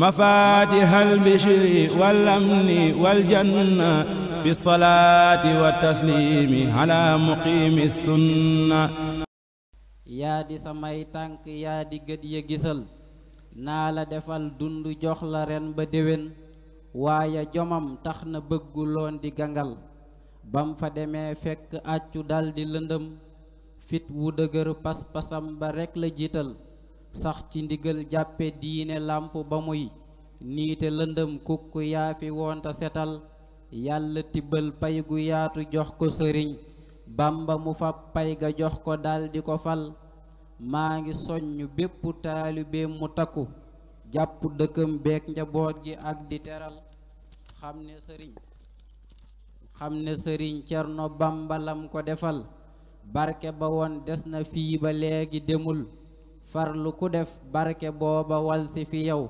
mafatihal bishri wal amni wal janna fi salaati wa taslimi ala muqimi sunna yaa di samay tànk yaa di gët ya gisal naa la defal dund jox la ren ba déwén waaye jomam tax na bëgguloon di gangal bam fa demee fekk àccu daldi lëndëm fit wu dëgër pas-pasam ba rekk la jiital sax ci ndigal jàppe diine làmp ba muy niite lëndëm kukk yaa fi woonta setal yàlla tibbal pay gu yaatu jox ko sëriñ bamba mu fab pay ga jox ko daldi ko fal maa ngi soññ bépp taalibeem mu takku jàpp dëkkam beek njaboot gi ak di teral xam ne sëriñ xam ne sëriñ cerno bamba lam ko defal barke ba woon des na fii ba léegi demul farlu ku def barke booba walsi fi yow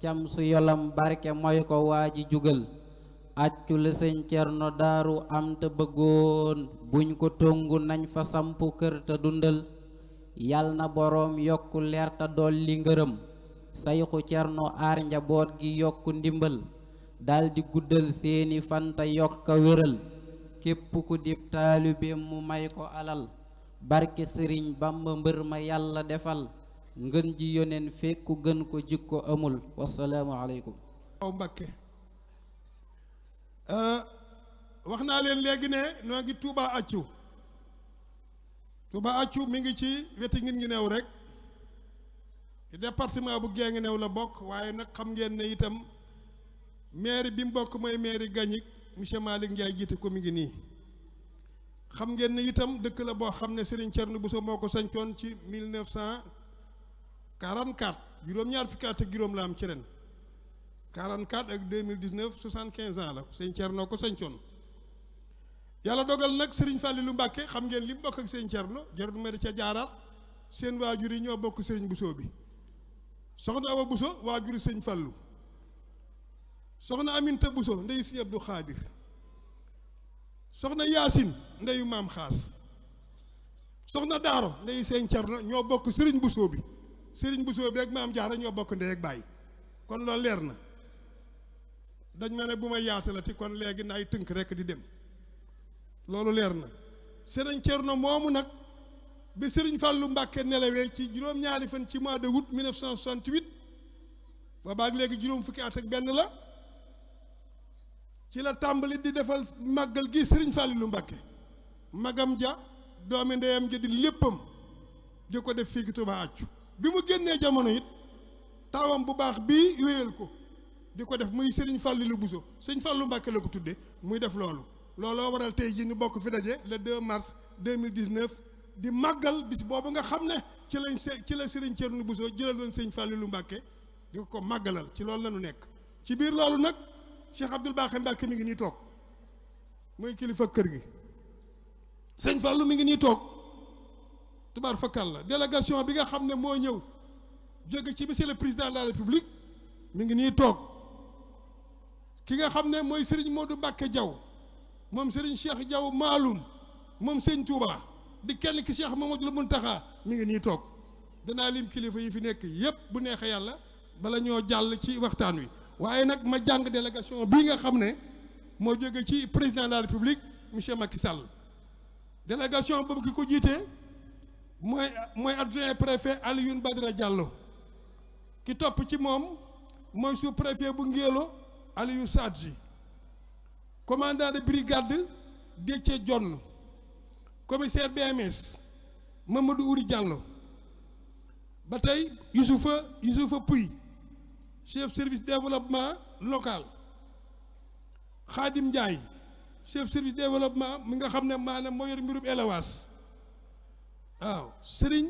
cam su yolam barke mooy ko waa ji jógal accu li sëñ cerno daaru am te bëggoon buñ ko tongu nañu fa samp kër te dundal yal na boroom yokk leer te dolli ngërëm sayxu cerno aar njaboot gi yokk ndimbal daldi guddal seeni fanta yokk yokka wéral képp ku dib taalibeem mu may ko alal barke sëriñ bamba mbër ma yàlla defal ngën ji yoneen fekku gën ko jikko amul wasalaamu aleykum waaw mbakke euh, wax naa leen léegi ne noo ngi tuuba accu tuuba accu mi ngi ci weti ngin ngi new rek département bu gee ngi new la bokk waaye nag xam ngeen ne itam mairie bi mu bokk mooy mairie Gagnick monsieur Malick Ndiaye jiite ko mi ngi nii xam ngeen ni itam dëkk la boo xam ne Serigne Thierno Bousso moo ko sañcoon ci 1944 juróom-ñaar fukki at ak juróom la am ci ren 44 ak 2019 75 ans la Serigne noo ko sañcoon yàlla dogal nag sëriñ Serigne lu Mbacke xam ngeen li mu bokk ak Serigne Thierno jarul ma ca jaaraat seen waajur yi ñoo bokk Serigne Bousso bi soxna Awa Bousso waajuru Serigne Fallou soxna Aminta Bousso ndey Serigne Abdou Khadir. soxna yaasin ndeyu maam xaas soxna daaro ndeyu seen cerno ñoo bokk sëriñ busoo bi sëriñ busoo bi ak maam jaara ñoo bokk ndey ak bàyyi kon loolu leer na dañ ma ne bu ma yaasalati kon léegi naay tënk rekk di dem loolu leer na sëriñ cerno moomu nag bi sëriñ fàllu mbàkke nelawee ci juróom-ñaari fan ci mois de août 1968 boobaak léegi juróom fukki at ak benn la ci la tàmbali di defal màggal gi sëriñ lu Mbacké magam ja doomi ndeyam ja di léppam di ko def fii ci Touba Accu bi mu génnee jamono it taawam bu baax bii wéyal ko di ko def muy sëriñ buso Bousso sëriñ lu Mbacké la ko tuddee muy def loolu looloo waral tey jii ñu bokk fi daje le 2 mars 2019 di màggal bis boobu nga xam ne ci lañ ci la sëriñ Thierno Bousso jëlal woon sëriñ lu Mbacké di ko ko màggalal ci loolu la nekk ci biir loolu nag Cheikh Abdoul Baaxe Mbàkke mi ngi nii toog mooy kilifa kër gi sëñ Fallou mi ngi nii toog tubaar fakkal la délégation bi nga xam ne mooy ñëw jóge ci monsieur le président de république mi ngi nii toog ki nga xam ne mooy moo Modou Mbacke Diaw moom Serigne Cheikh Diaw Maalum moom sëñ Touba di kenn ki la Mamadou Mountakha mi ngi nii toog danaa lim kilifa yi fi nekk yépp bu neexee yàlla bala ñoo jàll ci waxtaan wi. waaye nag ma jàng délégation bii nga xam ne moo jóge ci président de la république monsieur Macky Sall délégation boobu ki ko jiitee mooy mooy adjoint préfet Alioune Badara jàlloo ki topp ci moom mooy sous préfet bu Ngélo Aliou Sadji commandant de brigade Déthié Dione commissaire BMS Mamadou Ouri Diallo ba tey Youssoufa Youssoufa Pouy chef service développement local Khadim Ndiaye chef service développement mi nga xam ne maanaam moo yor mbirum élevage waaw sëriñ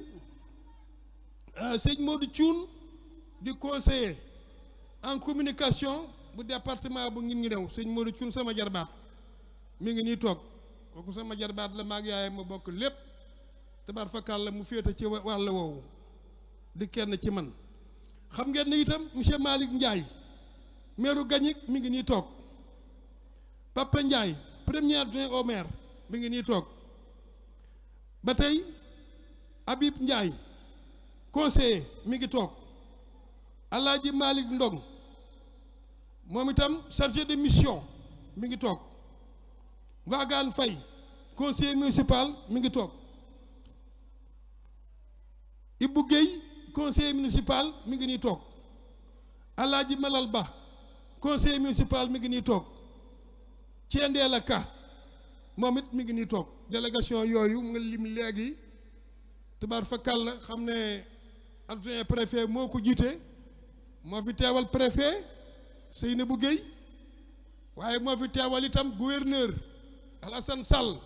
euh, sëñ Modou Thioune di conseiller en communication bu département bu ngin ngi new sëñ Modou Thioune sama jarbaat mi ngi nii toog kooku sama jarbaat la maag yaay ma bokk lépp tabaar fakal la mu féete ci wàll woowu di kenn ci man xam ngeen ne itam monsieur malik Ndiaye maire Gagnick mi ngi nii toog Papa Ndiaye premier adjoint au maire mi ngi nii toog ba tey Habib Ndiaye conseiller mi ngi toog Alaaji Malick Ndong moom itam chargé de mission mi ngi toog Wagan Faye conseiller municipal mi ngi toog Ibou Guèye conseiller municipal mi ngi nii toog ji Malal Ba conseiller municipal mi ngi nii toog Thiendella moom it mi ngi nii toog délégation yooyu mu nga lim léegi tubaar fa kàll xam ne adjoint préfet moo ko jiite moo fi teewal préfet bu Guèye waaye moo fi teewal itam gouverneur Alassane Sall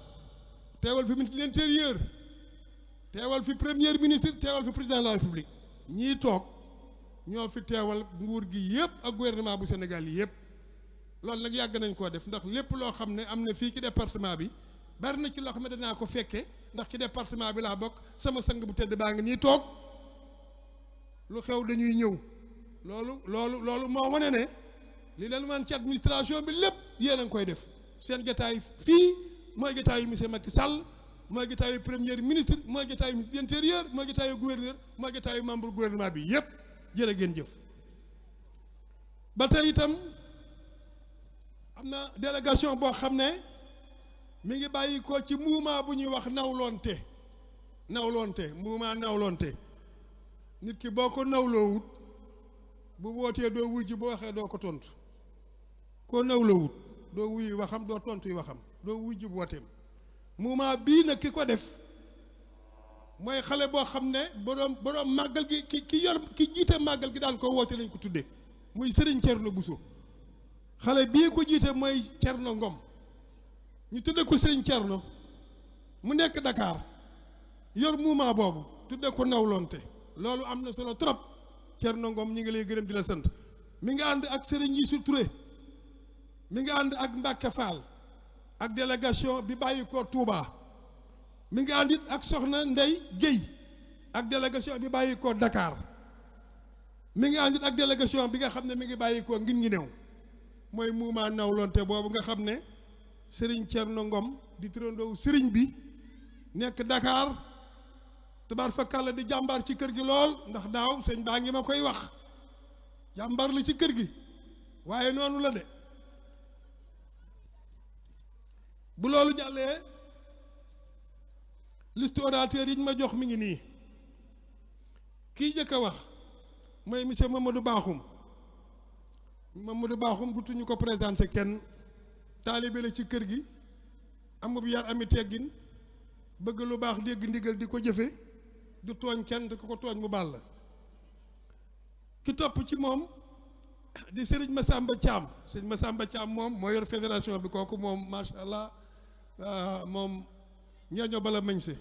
teewal fi ministre de l'intérieur teewal fi premier ministre teewal fi président de la république ñii toog ñoo fi teewal nguur gi yëpp ak gouvernement bu Sénégal yëpp loolu nag yàgg nañ koo def ndax lépp loo xam ne am na fii ci département bi bari na ci loo xam ne danaa ko fekke ndax ci département bi laa bokk sama sang bu tedd baa ngi nii toog lu xew dañuy ñëw loolu loolu loolu moo wane ne li leen wan ci administration bi lépp yéen a ngi koy def seen jataay fii mooy jataayu monsieur Macky Sall mooy jotaayu première ministre mooy jotaayu ministre intérieur mooy jotaayu gouverneur mooy jotaayu membre gouvernement bi yépp jërë ngeen jëf ba tey itam am na délégation boo xam ne mi ngi bàyyi ko ci mouvement bu ñuy wax nawlonte nawlonte mouvement nawlonte nit ki boo ko nawloowut bu wootee doo wuy ji boo waxee doo ko tontu koo nawloowut doo wuyu waxam doo tontu yi waxam doo wuy ji bu woteem mouvement bii nag ki ko def mooy xale boo xam ne boroom boroom màggal gi ki ki yor ki jiite màggal gi daan ko woote lañ ko tuddee muy Serigne Thierno Bousso xale bii ko jiite mooy Thierno Ngom ñu tudde ko Serigne Thierno mu nekk Dakar yor mouvement boobu tudde ko nawlonte loolu am na solo trop Thierno Ngom ñu ngi lay gërëm di la sant mi nga ànd ak sëriñ Youssou Touré mi nga ànd ak Mbacke Fall ak délégation bi bàyyi ko Touba mi ngi ànd ak soxna Ndey Guèye ak délégation bi bàyyi ko Dakar mi ngi ànd it ak délégation bi nga xam ne mi ngi bàyyi ko ngin ngi new mooy muumaa nawlonte boobu nga xam ne sëriñ Thierno Ngom di turandoow sëriñ bi nekk Dakar tabaar fakkàlla di jàmbaar ci kër gi lool ndax daaw sëñ baa ngi ma koy wax jàmbaar la ci kër gi waaye noonu la de bu loolu jàllee liste orateur yi ma jox mi ngi nii kii jëkk a wax mooy monsieur ma Bakhoum Mamadou Bakhoum dutuñu ko présenté kenn taalibe la ci kër gi amub yar ami teggin bëgg lu baax dégg ndigal di ko jëfe du tooñ kenn te ku ko tooñ mu baax la ki topp ci moom di ma Serigne Massamba Thiam Serigne Massamba Thiam moom moo yor fédération bi kooku moom macha allah Ah, moom ñeeño bala mañ si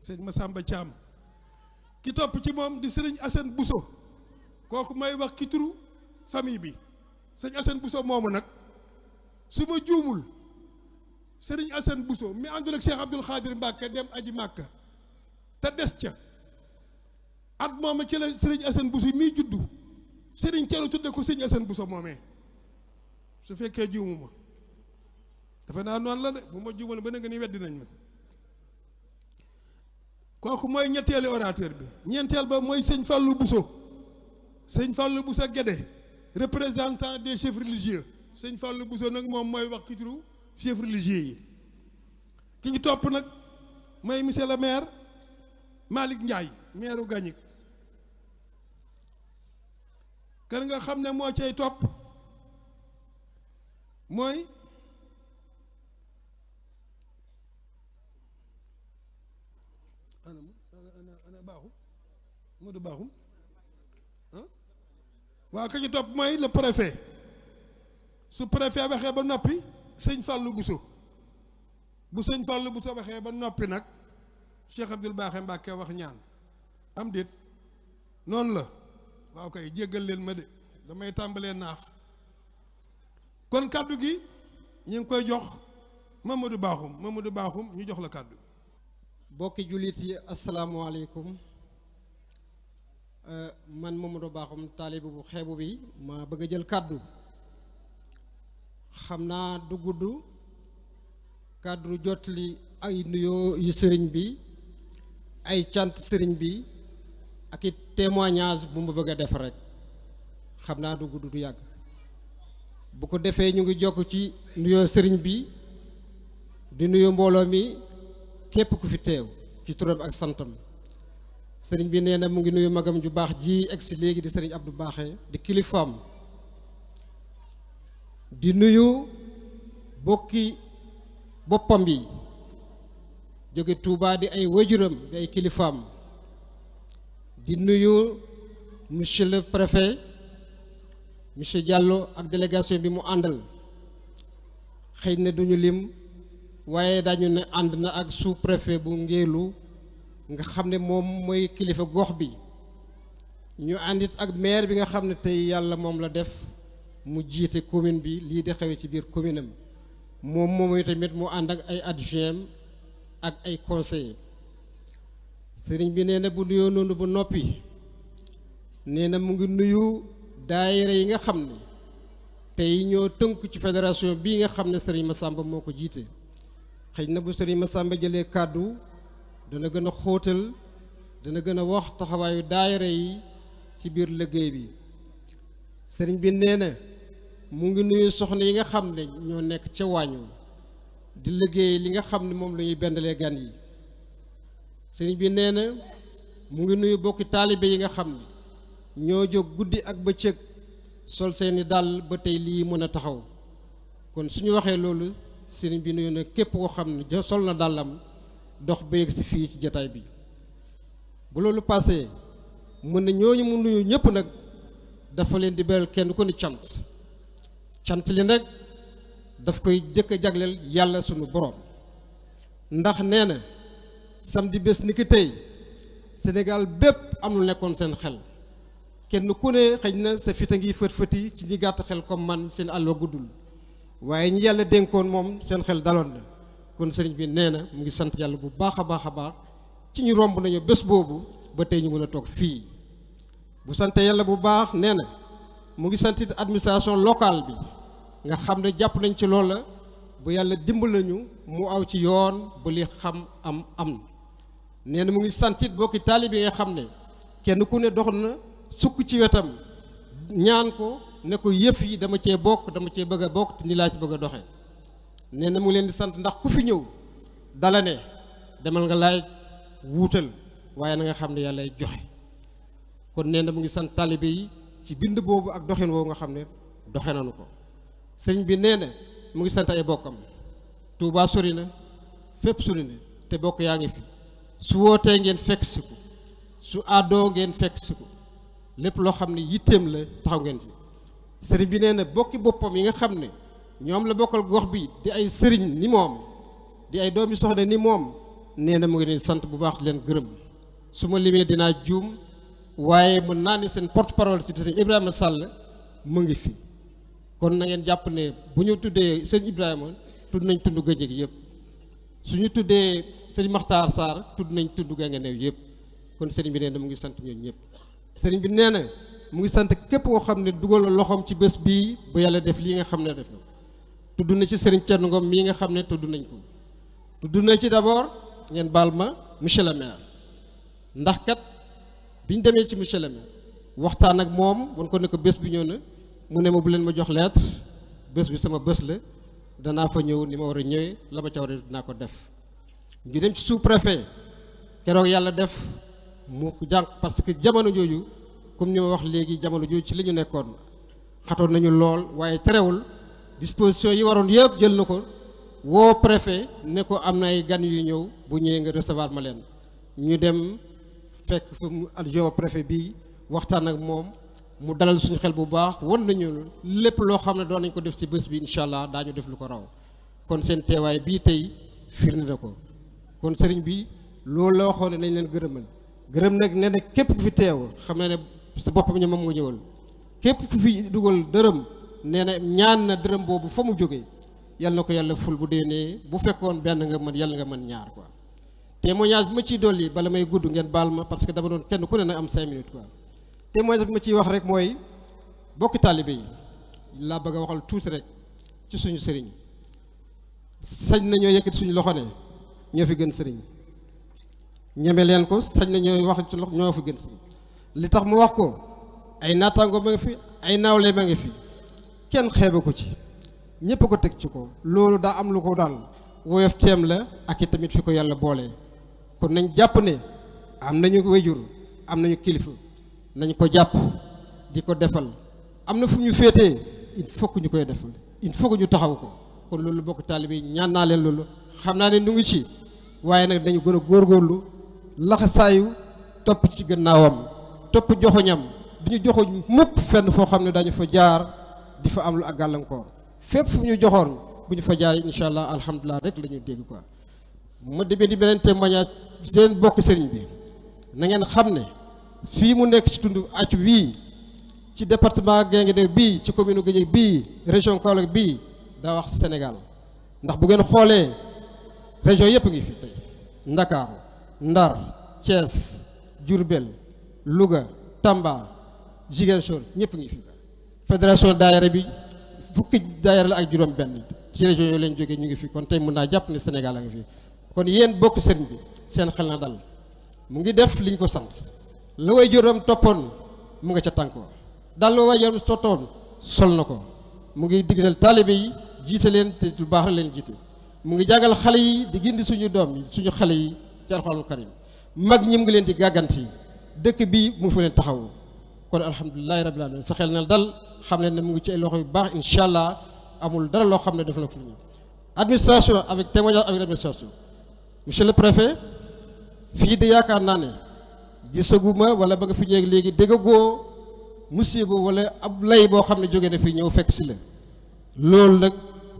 sëñ Masamba Thiam ki topp ci moom di sëriñ Assane buso kooku may wax ki turu famille bi sëñ Assane Bousso moomu nag su ma juumul sëriñ Assane Bousso mi àndul ak Cheikh Abdoul Khadir Mbacke dem aji Màkka te des ca at mooma ci la sëriñ Assane Bousso mii juddu sëriñ Thiel tudde ko sëriñ Assane Bousso moomee su fekkee juumuma defe naa noonu la de bu ma juumal ba nga ni weddi nañ ma kooku mooy ñetteeli orateur bi ñenteel ba mooy sëñ Fallou Bousso sëñ Fallou Bousso Guédé représentant des chefs religieux sëñ Fallou Bousso nag moom mooy wax ci turu chefs yi ki ñu topp nag mooy monsieur le maire Malick Ndiaye maire u Gagnick nga xam ne moo cay topp mooy ana mu ana ana baaxum mu du baaxum ah waaw topp mooy le préfet su préfet waxee ba noppi sëñ Fallou guso bu sëñ Fallou Bousso waxee ba noppi nag Cheikh Abdoul Baaxe Mbàkke wax ñaan am déet noonu la waaw kay jéggal leen ma de damay tàmbalee naax kon kàddu gi ñu ngi koy jox Mamadou Baaxum Mamadou Baaxum ñu jox la kàddu bokki jullit yi asalaamualeykum euh, man Mamadou Bakhoum taalibe bu xeebu bi ma bëgg a jël kàddu xam naa du gudd kàddu jottali ay nuyoo yu sëriñ bi ay cant sëriñ bi ak it témoignage bu mu bëgg a def rek xam naa du gudd du yàgg bu ko defee ñu ngi jokk ci nuyoo sëriñ bi di nuyu mbooloo mi képp ku fi teew ci turam ak santam sëriñ bi nee na mu ngi nuyu magam ju baax ji egsi léegi di ab Abdou Baaxe di kilifaam di nuyu bokki boppam bi joge Touba di ay wajuram di ay kilifaam di nuyu monsieur le préfet monsieur Diallo ak délégation bi mu àndal xëy na duñu lim waaye dañu ne ànd na ak sous-préfet bu Ngélu nga xam ne moom mooy kilifa gox bi ñu àndit ak maire bi nga xam ne tey yàlla moom la def mu jiite commune bi lii de xewe ci biir commune am moom moomu tamit mu ànd ak ay adjoint ak ay conseillers sëriñ bi nee na bu nuyoo noonu bu noppi nee na mu ngi nuyu daayira yi nga xam ne tey ñoo tënk ci fédération bii nga xam ne sëriñ Massamba moo ko jiite xëy na bu sëriñ sàmba jëlee kàddu dana gën a xóotal dana gën a wax taxawaayu daayira yi ci biir liggéey bi sëriñ bi nee na mu ngi nuyu soxna yi nga xam ne ñoo nekk ca wàññu di liggéey li nga xam ne moom la ñuy bendalee gan yi sëriñ bi nee na mu ngi nuyu bokki taalibe yi nga xam ne ñoo jóg guddi ak bëccëg sol seeni dàll ba tey lii mën a taxaw kon suñu waxee loolu sëriñ bi nuyu na képp koo xam ne ja sol na dàllam dox ba yegg si fii ci jataay bi bu loolu passé mën na ñooñu mu nuyu ñëpp nag dafa leen di beral kenn ku ne cant cant li nag daf koy jëkk a jagleel yàlla sunu borom ndax nee na samedi bés ni ki tey Sénégal bépp amul lu nekkoon seen xel kenn ku ne xëy na sa fit a ngi fët fëti ci ñi gàtt xel comme man seen àll wa guddul waaye ñi yàlla dénkoon moom seen xel daloon la kon sëriñ bi nee na mu ngi sant yàlla bu baax a baax a baax ci ñu romb nañu bés boobu ba tey ñu mën a toog fii bu sante yàlla bu baax nee na mu ngi santit administration locale bi nga xam ne jàpp nañ ci loolu la bu yàlla dimbali nañu mu aw ci yoon bu li xam am am nee na mu ngi santit bokki taalibe yi nga xam ne kenn ku ne dox na sukk ci wetam ñaan ko ne ko yëf yi dama cee bokk dama cee bëgg a bokk te ni laa ci bëgg a doxee nee na mu leen di sant ndax ku fi ñëw dala ne demal nga lay wuutal waaye na nga xam ne yàlla lay joxe kon nee na mu ngi sant taalibe yi ci bind boobu ak doxin woowu nga xam ne doxe nañu ko sëñ bi nee na mu ngi sant ay bokkam Tuubaa sori na fépp sori na te bokk yaa ngi fi su wootee ngeen fekk si ko su àddoo ngeen fekk si ko lépp loo xam ne yitteem la taxaw ngeen ci sëriñ bi nee na bokki boppam yi nga xam ne ñoom la bokkal gox bi di ay sëriñ ni moom di ay doomi soxna ni moom nee na mu ngi leen sant bu baax leen gërëm su ma limee dinaa juum waaye mën naa ni seen porte parole si sëriñ Ibrahima Sall mu ngi fi kon na ngeen jàpp ne bu ñu tuddee sëriñ Ibrahima tudd nañ tund gëjëg yëpp su ñu tuddee sëriñ Makhtar Sarr tudd nañ tund gàngeneew yëpp kon sëriñ bi nee na mu ngi sant ñoom ñëpp sëriñ bi nee na. mu ngi sant képp koo xam ne dugal na loxoom ci bés bii bu yàlla def lii nga xam ne def na tudd na ci Serigne Thierno Ngom mii nga xam ne tudd nañ ko tudd na ci d'abord ngeen baal ma monsieur le maire ndax kat biñ demee ci monsieur le maire waxtaan ak moom wan ko ne ko bés bi ñëw na mu ne ma bu leen ma jox lettre bés bi sama bés la danaa fa ñëw ni ma war a ñëwee la ma ca war a dinaa ko def ngi dem ci sous préfet keroog yàlla def mu jànq parce que jamono jooju comme ni ma wax léegi jamono jooju ci li ñu nekkoon xatoon nañu lool waaye terewul disposition yi waroon yëpp jël na ko woo préfet ne ko am na ay gan yu ñëw bu ñëwee nga recevoir ma leen ñu dem fekk fu mu adjoint préfet bi waxtaan ak moom mu dalal suñu xel bu baax wan nañu lépp loo xam ne doon nañ ko def ci bés bi incha allah daañu def lu ko raw kon seen teewaay bii tey firnde na ko kon sëriñ bi loolu la waxoon ne nañ leen gërëmal gërëm nag ne ne su boppam ne moom nga ñëwal képp ku fi dugal dërëm nee na ñaan na dërëm boobu fa mu jóge yal na ko yàlla ful bu déenee bu fekkoon benn nga mën yàlla nga mën ñaar quoi témoignage bi ma ciy dolli bala may gudd ngeen ma parce que dama doon kenn ku am cinq minutes quoi témoignage bi ma ciy wax rek mooy bokki taalibe yi laa bëgg a waxal tuuti rek ci suñu sëriñ sañ nañoo yëkkati suñu loxo ne ñoo fi gën sëriñ ñeme leen ko sañ nañoo wax ci loxo ñoo fi gën sëriñ li tax mu wax ko ay naataango ma fi ay naawle ma ngi fi kenn xeebe ko ci ñëpp ko teg ci ko loolu daa am lu ko daan woyof teem la ak i tamit fi ko yàlla boole kon nañ jàpp ne am nañu wayjur am nañu kilifa nañ ko jàpp di ko defal am na fu ñu féete il faut ñu koy defal il faut que ñu taxaw ko kon loolu bokk taalibe ñaan naa leen loolu xam naa ne nu ngi ci waaye nag dañu gën a góorlu laxasaayu topp ci gannaawam topp joxoñam du ñu joxoñ mukk fenn foo xam ne dañu fa jaar di fa am lu ak gàllankoor fépp fu ñu joxoon bu ñu fa jaar incha allah alhamdulilah rek lañuy ñuy dégg quoi. ma demee ni beneen témoignage seen bokk sëriñ bi na ngeen xam ne fii mu nekk ci tund acc wii ci département Guinguinéo bii ci commune Guédiawaye bii région Kaolack bii daa wax Sénégal ndax bu ngeen xoolee région yëpp ngi fi tey Ndakaaru Ndar Thiès Diourbel Louga Tamba Ziguinchor ñëpp ngi fi fédération daayira bi fukki daayira la ak juróom benn ci région yooyu leen jógee ñu ngi fi kon tey mun naa jàpp ne Sénégal a ngi fi kon yéen bokk sëriñ bi seen xel na dal mu ngi def li ñu ko sant la way juróom toppoon mu nga ca tànkoo dal la way juróom toppoon sol na ko mu ngi digital taalibe yi jiite leen te lu baax la leen jiite mu ngi jàngal xale yi di gindi suñu doom suñu xale yi ci alxuraanul karim mag ñi ngi leen di gàgganti dëkk bii mu fa leen taxawu kon alhamdulilahi rabbil alamin sa xel na dal xam leen ne mu ngi ci ay loxo yu baax incha allah amul dara loo xam ne def na ko lu ñu administration avec témoignage avec administration monsieur le préfet fii de yaakaar naa ne gisaguma wala ba nga fi ñëwee léegi déggagoo musiba wala ab lay boo xam ne jóge na fi ñëw fekk si la loolu nag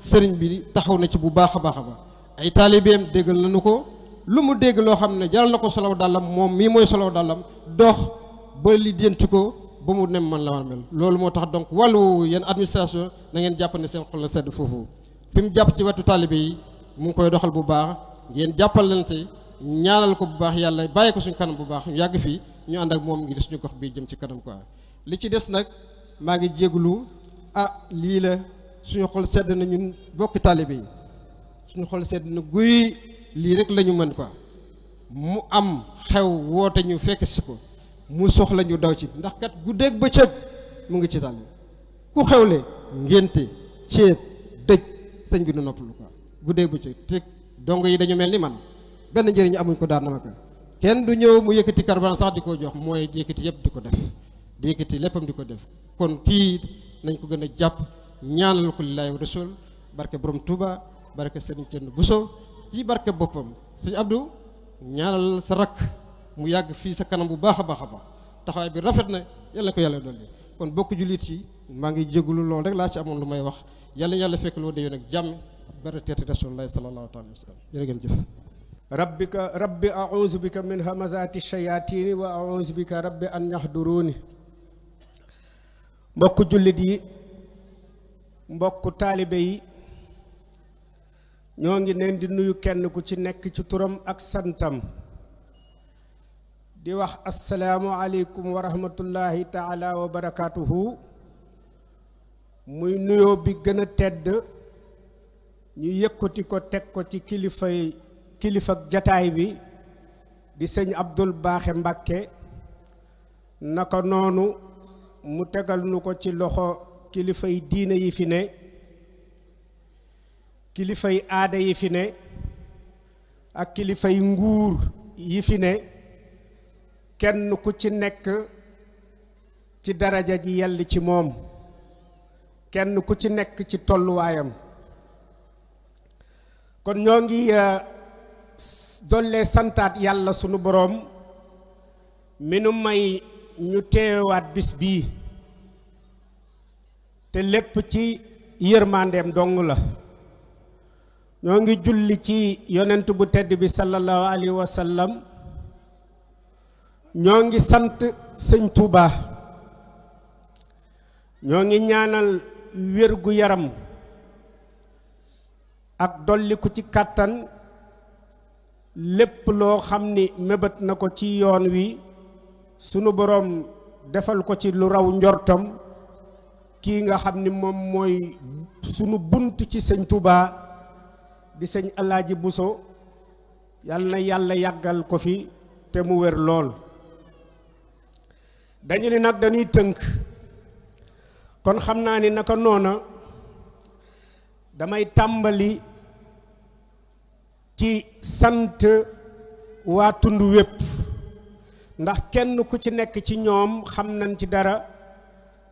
sëriñ bi taxaw na ci bu baax a baax a baax ay taalibeem déggal nañu ko lu mu dégg loo xam ne jaral na ko solow dàllam moom mii mooy solow dàllam dox ba lijjanti ko ba mu nem man la war mel loolu moo tax donc wàllu yenn administration na ngeen jàpp ne seen xol sedd foofu fi mu jàpp ci wetu taalibe yi mu ngi koy doxal bu baax ngeen jàppalante ñaanal ko bu baax yàlla bàyyi ko suñu kanam bu baax ñu yàgg fii ñu ànd ak moom ngi suñu gox bi jëm ci kanam quoi li ci des nag maa ngi jégalu ah lii la suñu xol sedd na ñun bokki taalibe yi suñu xol sedd na guy lii rek lañu ñu mën quoi mu am xew woote ñu fekk si ko mu soxla ñu daw ci ndax kat guddeeg bëccëg mu ngi ci tàll ku xewle ngénte ceet dëj sëñ bi du noppalu ko guddeeg bëccëg te dongo yi dañu mel ni man benn njëriñ amuñ ko daan na ma ka kenn du ñëw mu yëkkati karban sax di ko jox mooy yëkkati yëpp di ko def di yëkkati léppam di ko def kon kii nañ ko gën a jàpp ñaanal ko lillaahi wa rasul barke borom Touba barke sëriñ Thierno Bousso ci barke boppam sëñ Abdou ñaanal sa rakk mu yàgg fii sa kanam bu baax a baax a baax taxawaay bi rafet na yàlla na ko yàlla dolli kon bokk jullit yi maa ngi jégalu loolu rek laa ci amoon lu may wax yàlla yàlla fekk loo déwén ak jàmm barakati rasulillahi sallallahu taala wa sallam jërë ngeen jëf rabbika rabbi auzu bika min hamazati shayatini wa auzu bika rabbi an yahduruni mbokk jullit yi mbokk taalibe yi ñoo ngi leen di nuyu kenn ku ci nekk ci turam ak santam di wax asalaamu aleykum wa rahmatullahi taala wa barakaatuhu muy nuyoo bi gëna a tedd ñu yëkkati ko teg ko ci kilifay kilifa jataay bi di sëñ Abdul Baaxe Mbàkke naka noonu mu tegal nu ko ci loxo kilifay diine yi fi ne kilifay aada yi fi ne ak kilifay nguur yi fi ne kenn ku ci nekk ci daraja ji yell ci moom kenn ku ci nekk ci tolluwaayam kon ñoo ngi euh, dollee santaat yàlla sunu boroom mi nu may ñu teewaat bis bii te lépp ci yërmandeem dong la ñoo ngi julli ci yonent bu tedd bi sallallahu alayhi wa ñoo ngi sant sëñ Touba ñoo ngi ñaanal wérgu yaram ak dolliku ci kàttan lépp loo xam ni mébét na ko ci yoon wi sunu boroom defal ko ci lu raw njortam kii nga xam ni moom mooy sunu bunt ci sëñ Touba. di sëñ Alaaji Buso yal na yàlla yàggal ko fi te mu wér lool dañu ni nag dañuy tënk kon xam naa ni naka noona damay tàmbali ci sant waa tund wépp ndax kenn ku ci nekk ci ñoom xam nañ ci dara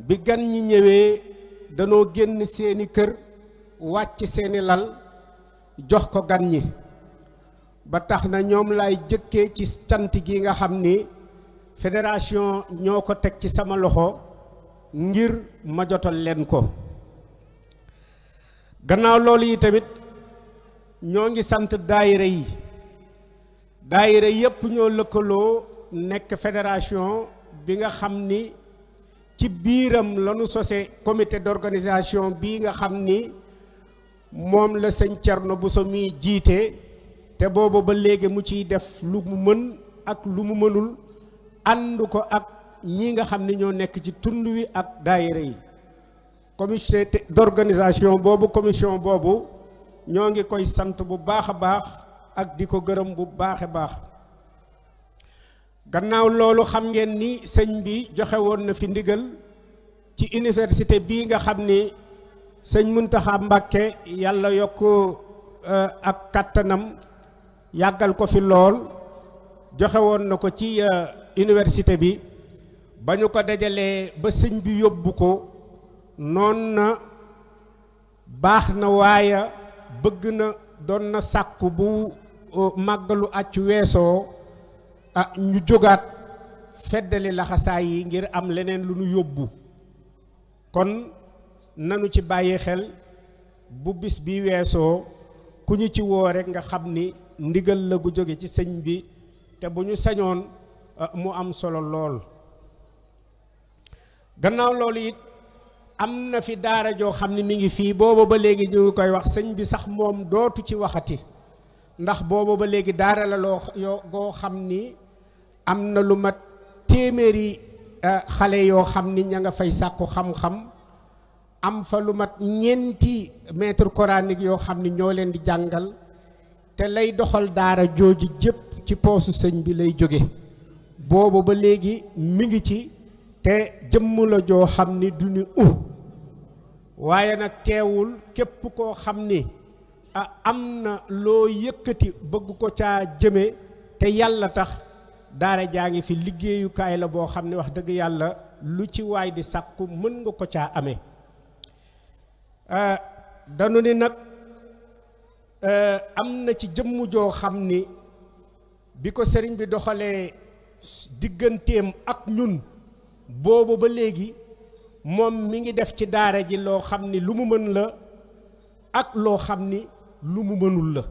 bi gan ñi ñëwee danoo génn seeni kër wàcc seeni lal jox ko gan ñi ba tax na ñoom laay jëkke ci cant gi nga xam ni fédération ñoo ko teg ci sama loxo ngir ma jotal leen ko gannaaw loolu yi tamit ñoo ngi sant daayira yi daayira yépp ñoo lëkkaloo nekk fédération bi nga xam ni ci biiram lañu sose comité d'organisation bi nga xam ni moom la sëñ bu sa mii jiite te boobu ba léegi mu ciy def lu mu mën ak lu mu mënul ànd ko ak ñi nga xam ni ñoo nekk ci tund wi ak daayira yi comité d'organisation boobu commision boobu ñoo ngi koy sant bu baax a baax ak di ko gërëm bu baaxe baax gannaaw loolu xam ngeen ni sëñ bi joxewoon na fi ndigal ci université bii nga xam ni sëñ Muntaxa Mbàkke yàlla yokk eh, ak kàttanam yàggal ko fi lool joxe woon na ko ci eh, université bi ba ñu ko dajalee ba sëñ bi yóbbu ko noon na baax na waaye bëgg na doon na sàkku bu eh, màggalu accu weesoo ah ñu jógaat feddali laxasaay yi ngir am leneen lu ñu yóbbu kon nanu ci bàyyi xel bu bis bi weesoo ku ñu ci woo rek nga xam ni ndigal la gu jóge ci sëñ bi te bu ñu sañoon euh, mu am solo lool gannaaw loolu it am na fi daara joo xam ni mu ngi fii booba ba léegi ñu ngi koy wax sëñ bi sax moom dootu ci waxati ndax booba ba léegi daara la loo yoo goo xam ni am na lu mat téeméeri euh, xale yoo xam ni ña nga fay sàkku xam-xam am fa lu mat ñeenti maître coranique yoo xam ni ñoo leen di jàngal te lay doxal daara jooju jëpp ci poosu sëñ bi lay jóge boobu ba léegi mu ngi ci te jëmm la joo xam ni du ñu uh waaye nag teewul képp koo xam ni a am na loo yëkkati bëgg ko caa jëme te yàlla tax daara jaa ngi fi liggéeyukaay la boo xam ne wax dëgg yàlla lu ci waay di sàkku mën nga ko caa amee Euh, danu ni nag euh, am na ci jëmm joo xam ni bi ko sëriñ bi doxalee digganteem ak ñun boobu ba léegi moom mi ngi def ci daara ji loo xam ni lu mu mën la ak loo xam ni lu mu mënul la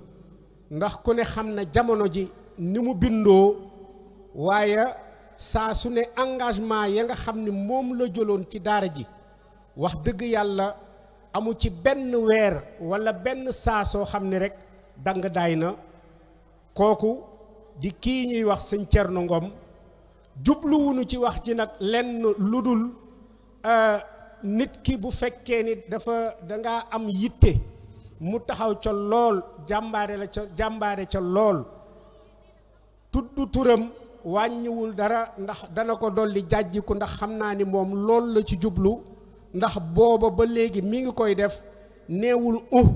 ndax ku ne xam na jamono ji ni mu bindoo waaye saa su ne engagement ya nga xam ni moom la jëloon ci daara ji wax dëgg yàlla amu ci benn weer wala benn saa soo xam ne rekk dang na kooku di kii ñuy wax sëñ Thierno Ngom jubluwunu ci wax ji nag lenn lu dul euh, nit ki bu fekkee ni dafa danga am yitte mu taxaw ca lool jàmbaare la ca jàmbaare ca lool tudd turam wàññiwul dara ndax dana ko dolli jàjjiku ndax xam naa ni moom lool la ci jublu ndax booba ba léegi mu ngi koy def neewul uh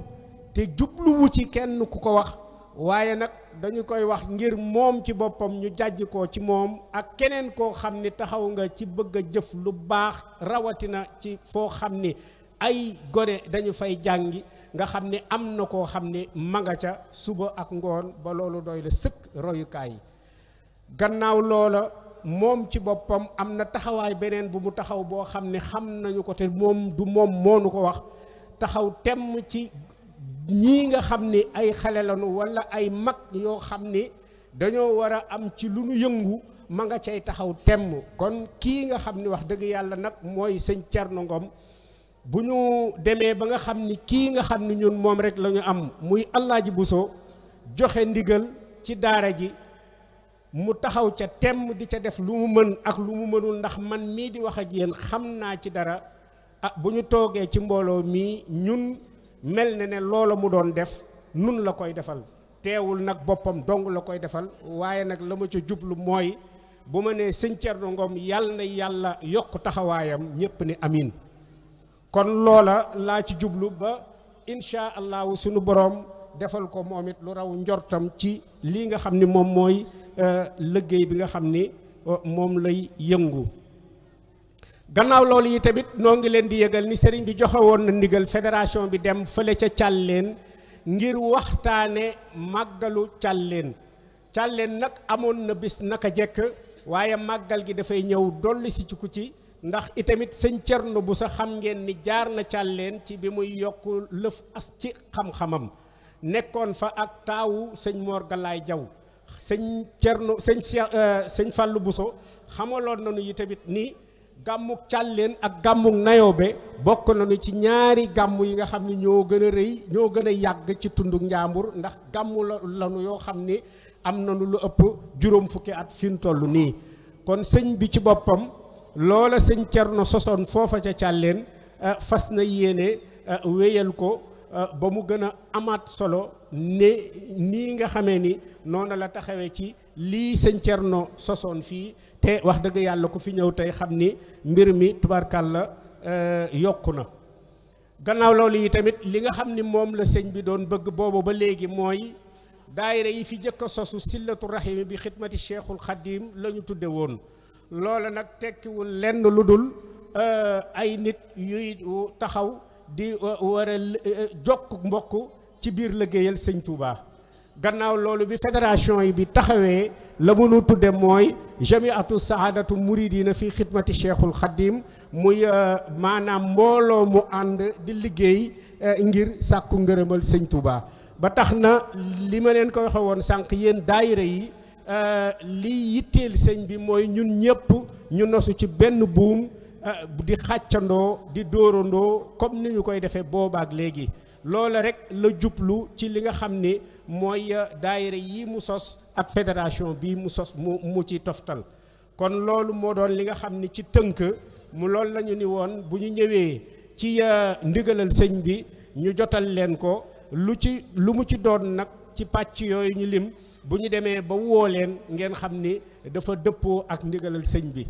te jubluwu ci kenn ku ko wax waaye nag dañu koy wax ngir moom ci boppam ñu jàjj ko ci moom ak keneen koo xam ni taxaw nga ci bëgg jëf lu baax rawatina ci foo xam ni ay gone dañu fay jàngi nga xam ni am na koo xam ni ma nga ca suba ak ngoon ba loolu doy la sëkk royukaay yi gannaaw loola moom ci boppam am na taxawaay beneen bu mu taxaw boo xam ne xam nañu ko te moom du moom moonu ko wax taxaw tem ci ñii nga xam ni ay xale lañu walla ay mag yoo xam ni dañoo war a am ci lu nu yëngu ma nga cay taxaw temm kon kii nga xam ni wax dëgg yàlla nag mooy sëñ Thierno Ngom bu ñu demee ba nga xam ni kii nga xam ni ñun moom rek lañu am muy Alaaji Buso joxe ndigal ci daara ji mu taxaw ca temm di ca def lu mu mën ak lu mu mënul ndax man mii di wax a yéen xam naa ci dara a ah, bu ñu toogee ci mbooloo mii ñun mel na ne loola mu doon def nun la koy defal teewul nag boppam dong la koy defal waaye nag la ma ca jublu mooy bu ma nee sëñ Thierno Ngom yàlla na yàlla yokk taxawaayam ñépp ni amin kon loola laa ci jublu ba incha allahu sunu borom defal ko moom it lu raw njortam ci lii nga xam ni moom mooy euh, liggéey bi nga xam ni euh, moom lay yëngu gannaaw loolu yi tamit noo ngi leen di yëgal ni sëriñ bi joxe na ndigal fédération bi dem fële ca càlleen ngir waxtaane màggalu càlleen càlleen nag amoon na bis naka jekk waaye màggal gi dafay ñëw dolli si ci ku ci ndax itamit sëñ Cerno bu sa xam ngeen ni jaar na càlleen ci bi muy yokk lëf as ci xam-xamam nekkoon fa ak taawu sëñ Mor Galaay Jaw sëñ Cerno sëñ euh, sëñ Fàllu Buso xamaloon nañu yi tamit ni gàmmuk càlleen ak gàmmuk nayoobe bokk nañu ci ñaari gàmm yi nga xam ne ñoo gën a rëy ñoo gën a yàgg ci tunduk njaambur ndax gàmmu la lanu yoo xam ni am nañu lu ëpp juróom fukki at fi mu nii kon sëñ bi ci boppam loola sëñ Cerno sosoon foofa ca càlleen euh, fas na yéene euh, wéyal ko Euh, ba mu gën a amaat solo ne nii nga xamee ni noonu la taxawee ci lii sëñ Thierno sosoon fii te wax dëgg yàlla ku fi ñëw tey xam ni mbir mi tubaarkàlla euh, yokk na. gannaaw loolu yi tamit li nga xam ni moom la sëñ bi doon bëgg boobu ba léegi mooy daayira yi fi jëkk sosu sillatu rahimi bi xidmati cheikhul xadim la ñu tudde woon loola nag tekkiwul lenn lu dul euh, ay nit yuy taxaw. di wara e, e, jokk mbokk ci biir liggéeyal sëñ Touba gannaaw loolu bi fédération yi bi taxawee la mënu tudde mooy jamiatu saadatu muridina fi xidmati cheikhul xadim muy e, maanaam mbooloo mu ànd di liggéey ngir sàkku ngërëmal sëñ Touba ba tax na li ma leen ko waxe woon sànq yéen daayira yi liy yitteel sëñ bi mooy ñun ñëpp ñu nosu ci benn buum Euh, di xàccandoo di dóorandoo comme ni ñu koy defee boobaak léegi loola rek la jublu ci li nga xam ni mooy euh, daayira yii mu sos ak fédération bi mu sos mu mu ci toftal kon loolu moo doon li nga xam ni ci tënk mu loolu lañu ni woon bu ñu ñëwee ci euh, ndigalal sëñ bi ñu jotal leen ko lu ci lu mu ci doon nag ci pàcc yooyu ñu lim bu ñu demee ba woo leen ngeen xam ni dafa dëppoo ak ndigalal sëñ bi